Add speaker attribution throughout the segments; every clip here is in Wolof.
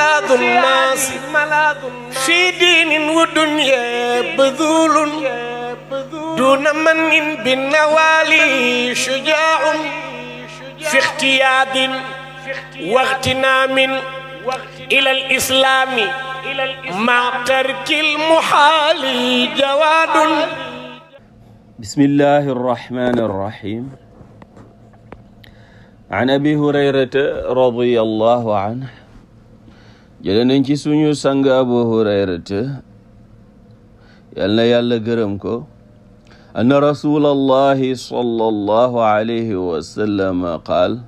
Speaker 1: ملاذ الناس في دين ودنيا بذول دون من بالنوالي شجاع في اختياد واغتنام إلى الإسلام مع ترك المحال جواد بسم الله الرحمن الرحيم عن أبي هريرة رضي الله عنه jële nañ ci suñu sang abu hurayrata yal na yàlla gërëm ko anna rasulallahi sallallahu alayhi wasallama qaal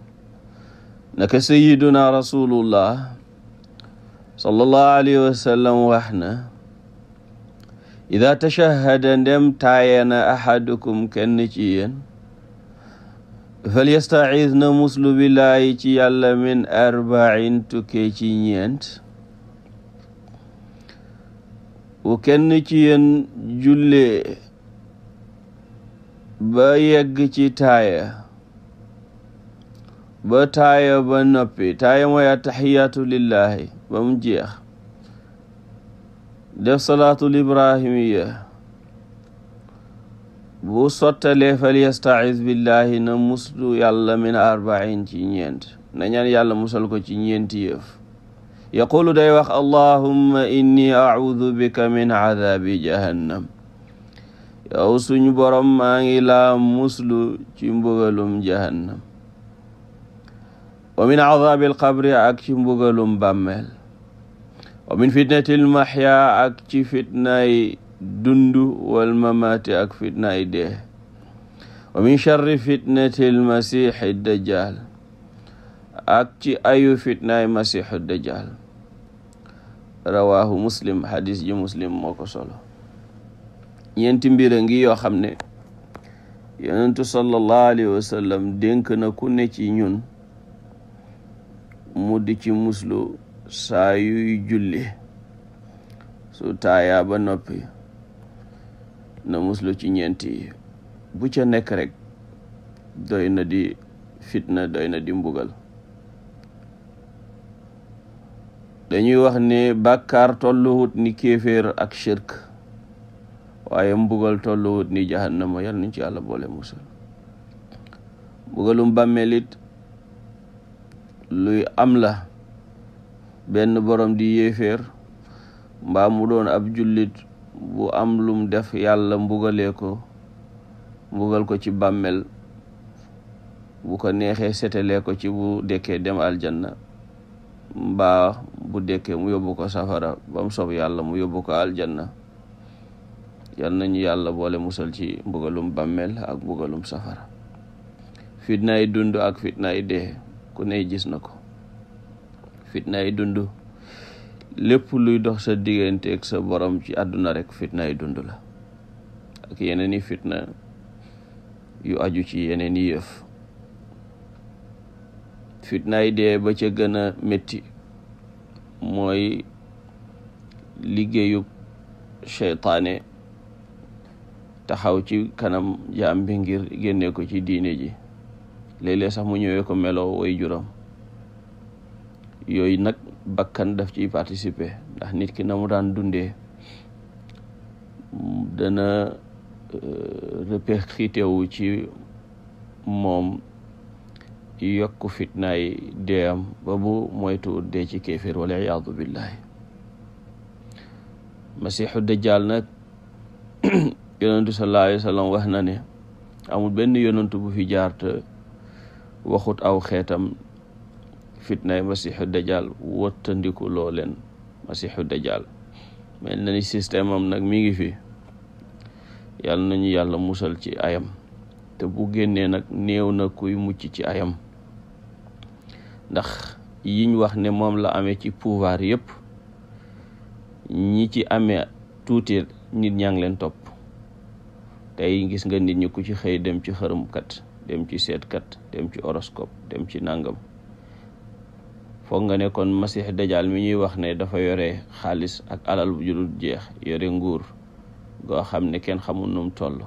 Speaker 1: naka sayiduna rasulullah sallallahu alayhi wasallam wax na ida tashahada ndem taayana ahadukum kenn ci fal yasta'iz na muslu billahi yàlla min arba'in tukkee ci ñeent bu kenn ci yéen jullee ba yegg ci taaya ba taaya ba noppi taaya mooy attaxiyaatu lillahi ba mu jeex def salaatul ibrahimiya bu sottalee fal yastaiz billahi na muslu yàlla min arbain ci ñeent na ñaan yàlla musal ko ci ñeenti yëf yaqulu day wax allahumma inni acuudu bika min cadaabi jahannam yow suñu borom maa ngi laa muslu ci mbugalum jahannam wa min cadaabi alqabri ak ci mbugalum bàmmeel wa min fitnati almaxya ak ci fitnaay dundu wal mamaati ak fitnaay dee wa min charri fitnati almasixi dajjal ak ci ayu fitnaay masiixu dajjal rawaahu muslim hadis ji muslim moo ko solo ñeenti mbir a ngi yoo xam ne yonentu sallallahu alayhi wa sallam dénk na ku ne ci ñun mu di ci muslu saa julli su taayaa ba noppi na muslu ci ñeenti yi bu ca nekk rek doy na di fitna doy na di mbugal dañuy wax ne bàkkaar tolluwut ni kéeféer ak shirk waaye mbugal tolluwut ni jahannama yal nañ ci yàlla boole musal mbugalum bammelit luy am la benn borom di yéeféer mbaa mu doon ab jullit bu am lum def yàlla mbugalee ko mbugal ko ci bàmmeel bu ko neexee setalee ko ci bu dekkee dem aljanna mbaa bu dekkee mu yóbbu ko safara ba sob yàlla mu yóbbu ko aljanna yal nañu yàlla boole musal ci mbugalum bàmmeel ak mbugalum safara fitna dund ak fitna yi dee ku ne gis na ko fitna yi dund lépp luy dox sa diggante sa boroom ci àdduna rekk fitna dund la ak yeneen i fitna yu aju ci yeneen i yëf fitnaay dee ba ca gën a métti mooy liggéeyu seytaane taxaw ci kanam jaam bi ngir génne ko ci diine ji léeg-léeg sax mu ñëwee ko meloo way juram yooyu nag bakkan def ciy participer ndax nit ki na mu daan dundee dana euh, répercuté wu ci moom yokk fitnaay deeyam ba bu moytuwul dee ci kéeféer wala iyaadu billahi masiixu dajjaal nag yonentu sallallahu alayhi wa wax na ne amul benn yonentu bu fi jaar waxut aw xeetam fitnaay masiixu dajjaal wottandiku loo leen masiixu dajjaal mel na ni système am nag mi ngi fi yàlla nañu yàlla musal ci ayam te bu génnee nag néew na kuy mucc ci ayam ndax yiñ wax ne moom la amee ci pouvoir yépp ñi ci amee tuuti nit ñaa ngi leen topp tey gis nga nit ñi ku ci xëy dem ci xërëmkat dem ci seetkat dem ci horoscope dem ci nàngam foog nga ne kon masix dajal mi ñuy wax ne dafa yore xaalis ak alal bu judul jeex yore nguur goo xam ne kenn xamul num toll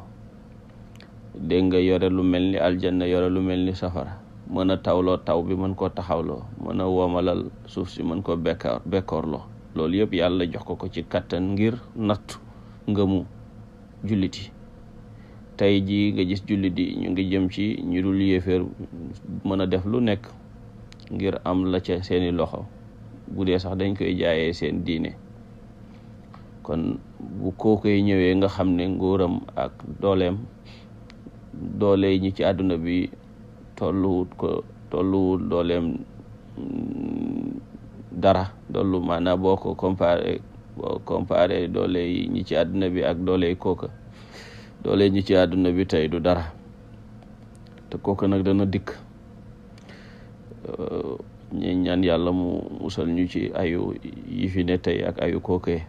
Speaker 1: dégg nga yore lu mel ni aljanna yore lu mel ni safara mën a tawloo taw bi mën koo taxawloo mën a womalal suuf si mën koo bekkoor bekkoorloo loolu yëpp yàlla jox ko ko ci kàttan ngir nattu ngëmu jullit yi tey jii nga gis jullit yi ñu ngi jëm ci ñu dul yéeféer mën a def lu nekk ngir am la ca seeni loxo bu dee sax dañ koy jaayee seen diine kon bu koo koy ñëwee nga xam ne nguuram ak dooleem doole yi ñi ci àdduna bi tolluwut ko tolluwut dooleem mm, dara dollu maanaam boo ko comparé boo yi ñi ci àdduna bi ak doole yi kooka doole yi ñi ci àdduna bi tey du dara te kooka nag dana dikk ñu ñaan yàlla mu musal ñu ci ayu yi fi ne tey ak ayu kookee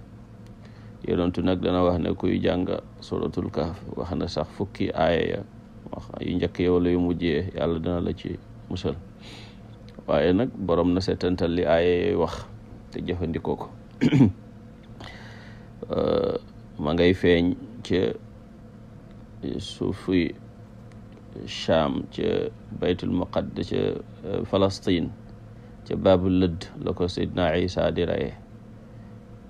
Speaker 1: yonentu nag dana wax ne kuy jànga suratul ka wax na sax fukki aaya wax yu njëkk yow la yu mujjee yàlla dana la ci musal waaye nag borom na seetantal li aaye wax te jëfandikoo ko euh, ma ngay feeñ ca suufuy Cham ca baytul muqaddas ca Palestine euh, ca baabu lëdd la ko Seydina Isa di rayee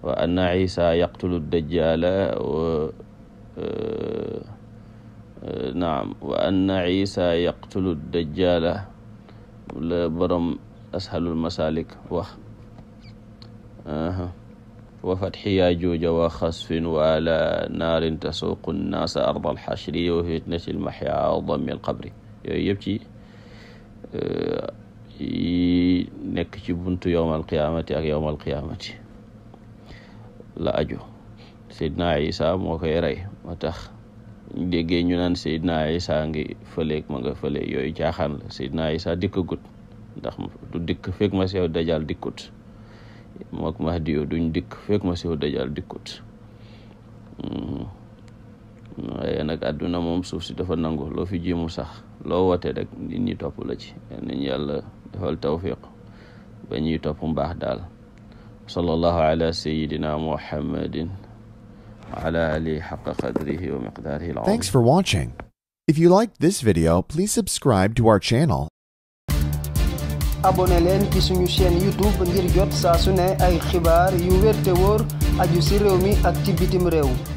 Speaker 1: wa anna Isa yaqtulu dajjala wa euh, naam wa anna isa yaqtulu dajjala la borom ashalul masalik wax wa fatxi yaajuuja wa xasfin wa ala naarin tasuuqu nnaasa arda alxashri wa fitnati almaxyaa wa dammi alqabri yooyu yëpp ci yi eh, nekk ci buntu yowm alqiyaamati ak yowm alqiyaamati la aju sidna isa moo koy rey moo tax déggee ñu naan Seydina saa ngi fëleeg ma nga fële yooyu caaxaan la Seydina Isa dikkagut ndax du dikk fekk Masiihu Dajjal dikkut mook Mahdi yo duñ dikk fekk Masiihu Dajjal dikkut mm. waaye nag àdduna moom suuf si dafa nangu loo fi ji mu sax loo wote rek nit ñi topp la ci nañ yàlla defal tawfiq ba ñuy topp mbaax daal sallallahu ala sayyidina muhammadin Thanks for watching. If you liked this video, please subscribe to our channel. abonné leen ci suñu chaîne YouTube ngir jot saa su ne ay xibaar yu wér te wóor aju ci réew mi ak ci bitim réew.